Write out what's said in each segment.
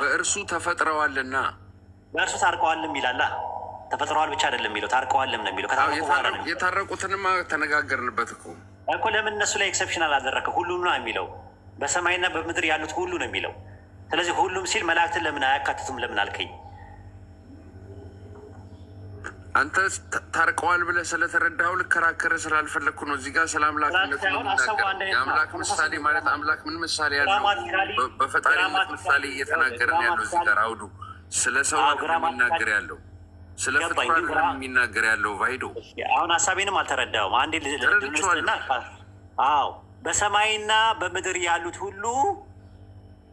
በእርሱ ተፈጥረዋልና በእርሱ ታርቀዋልም ይላላ። ተፈጥረዋል ብቻ አይደለም የሚለው ታርቀዋልም ነው የሚለው። የታረቁትንማ ተነጋገርንበት እኮ እኮ ለምን እነሱ ላይ ኤክሰፕሽን አላደረከ? ሁሉም ነው የሚለው በሰማይና በምድር ያሉት ሁሉ ነው የሚለው። ስለዚህ ሁሉም ሲል መላእክትን ለምን አያካትቱም? ለምን አልከኝ? አንተ ታርቀዋል ብለህ ስለተረዳኸው ልከራከረ ስላልፈለግኩ ነው። እዚህ ጋር ስለ አምላክነት የአምላክ ምሳሌ ማለት አምላክ ምን ምሳሌ ያለው በፈጣሪነት ምሳሌ እየተናገረ ነው ያለው እዚህ ጋር አውዱ ስለ ሰው የሚናገር ያለው ስለ ፍጡራን የሚናገር ያለው ቫይዶ አሁን ሀሳቤንም አልተረዳውም። አንዴ ልድንስና አዎ በሰማይና በምድር ያሉት ሁሉ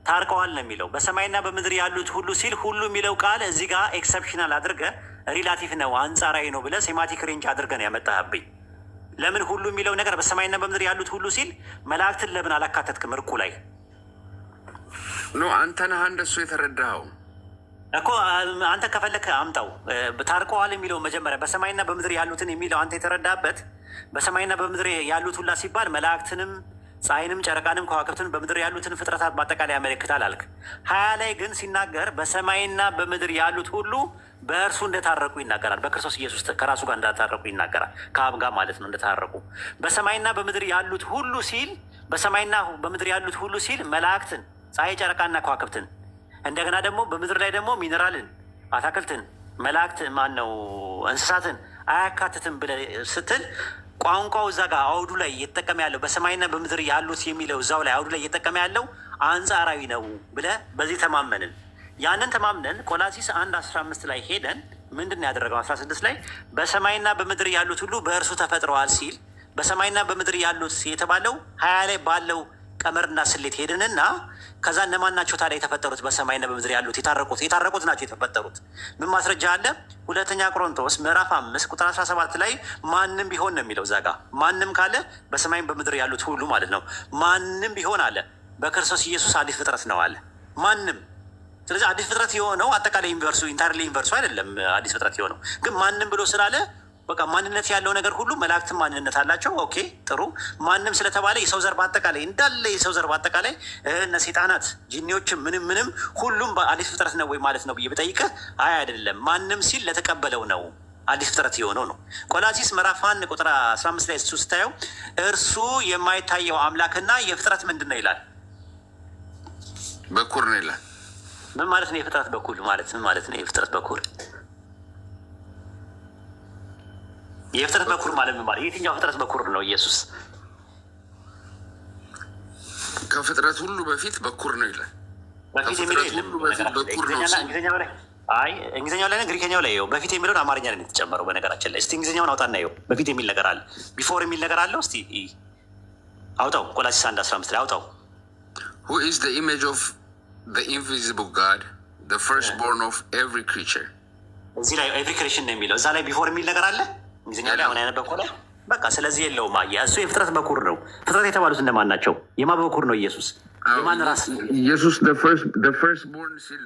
ታርቀዋል ነው የሚለው። በሰማይና በምድር ያሉት ሁሉ ሲል ሁሉ የሚለው ቃል እዚህ ጋር ኤክሰፕሽናል አድርገህ ሪላቲቭ ነው አንጻራዊ ነው ብለህ ሴማቲክ ሬንጅ አድርገ ነው ያመጣህብኝ። ለምን ሁሉ የሚለው ነገር በሰማይና በምድር ያሉት ሁሉ ሲል መላእክትን ለምን አላካተትክም? እርቁ ላይ ኖ አንተ ነህ እንደሱ የተረዳኸው እኮ አንተ ከፈለክ አምጣው። ታርቀዋል የሚለው መጀመሪያ በሰማይና በምድር ያሉትን የሚለው አንተ የተረዳበት በሰማይና በምድር ያሉት ሁላ ሲባል መላእክትንም ፀሐይንም ጨረቃንም ከዋክብትን በምድር ያሉትን ፍጥረታት በአጠቃላይ ያመለክታል አልክ። ሀያ ላይ ግን ሲናገር በሰማይና በምድር ያሉት ሁሉ በእርሱ እንደታረቁ ይናገራል። በክርስቶስ ኢየሱስ ከራሱ ጋር እንዳታረቁ ይናገራል። ከአብ ጋር ማለት ነው። እንደታረቁ በሰማይና በምድር ያሉት ሁሉ ሲል በሰማይና በምድር ያሉት ሁሉ ሲል መላእክትን፣ ፀሐይ፣ ጨረቃና ከዋክብትን እንደገና ደግሞ በምድር ላይ ደግሞ ሚኔራልን፣ አታክልትን፣ መላእክት ማን ነው እንስሳትን አያካትትም ብለ ስትል ቋንቋው እዛ ጋር አውዱ ላይ እየተጠቀመ ያለው በሰማይና በምድር ያሉት የሚለው እዛው ላይ አውዱ ላይ እየተጠቀመ ያለው አንጻራዊ ነው ብለ በዚህ ተማመንን። ያንን ተማምነን ቆላሲስ አንድ አስራ አምስት ላይ ሄደን ምንድን ነው ያደረገው? አስራ ስድስት ላይ በሰማይና በምድር ያሉት ሁሉ በእርሱ ተፈጥረዋል ሲል በሰማይና በምድር ያሉት የተባለው ሀያ ላይ ባለው ቀመርና ስሌት ሄድንና ከዛ እነማን ናቸው ታዲያ የተፈጠሩት? በሰማይና በምድር ያሉት የታረቁት የታረቁት ናቸው የተፈጠሩት። ምን ማስረጃ አለ? ሁለተኛ ቆሮንቶስ ምዕራፍ አምስት ቁጥር አስራ ሰባት ላይ ማንም ቢሆን ነው የሚለው። ዛጋ ማንም ካለ በሰማይም በምድር ያሉት ሁሉ ማለት ነው። ማንም ቢሆን አለ በክርስቶስ ኢየሱስ አዲስ ፍጥረት ነው አለ ማንም ስለዚህ አዲስ ፍጥረት የሆነው አጠቃላይ ዩኒቨርሱ ኢንታይርሊ ዩኒቨርሱ አይደለም። አዲስ ፍጥረት የሆነው ግን ማንም ብሎ ስላለ በቃ ማንነት ያለው ነገር ሁሉ መላእክትም ማንነት አላቸው። ኦኬ ጥሩ። ማንም ስለተባለ የሰው ዘር በአጠቃላይ እንዳለ የሰው ዘር በአጠቃላይ እነ ሴጣናት፣ ጂኒዎችም ምንም ምንም ሁሉም አዲስ ፍጥረት ነው ወይ ማለት ነው ብዬ ብጠይቀ አይ አይደለም፣ ማንም ሲል ለተቀበለው ነው አዲስ ፍጥረት የሆነው ነው። ቆላሲስ ምዕራፍ አንድ ቁጥር አስራ አምስት ላይ እሱ ስታየው እርሱ የማይታየው አምላክና የፍጥረት ምንድን ነው ይላል፣ በኩር ነው ይላል ምን ማለት ነው? የፍጥረት በኩል ማለት ምን ማለት ነው? የፍጥረት በኩል የፍጥረት በኩል ማለት ምን ማለት የትኛው ፍጥረት በኩል ነው? ኢየሱስ ከፍጥረት ሁሉ በፊት በኩር ነው ይላል። በፊት የሚለው የለም። አይ እንግሊዝኛው ላይ ግሪከኛው ላይ ው በፊት የሚለውን አማርኛ ላይ የተጨመረው። በነገራችን ላይ እስቲ እንግሊዝኛውን አውጣና ው በፊት የሚል ነገር አለ፣ ቢፎር የሚል ነገር አለው። እስቲ አውጣው። ቆላሲስ አንድ አስራ አምስት ላይ አውጣው። ሁ ኢዝ ዘ ኢሜጅ ኦፍ the invisible God, the firstborn of every creature. እዚህ ላይ ኤቭሪ ክሬሽን ነው የሚለው እዛ ላይ ቢፎር የሚል ነገር አለ እንግሊዝኛ ላይ አሁን ያነበብኩ ላይ በቃ ስለዚህ የለውም አየህ እሱ የፍጥረት በኩር ነው ፍጥረት የተባሉት እነማን ናቸው የማ በኩር ነው ኢየሱስ የማን ራስ ኢየሱስ the first- the firstborn ሲል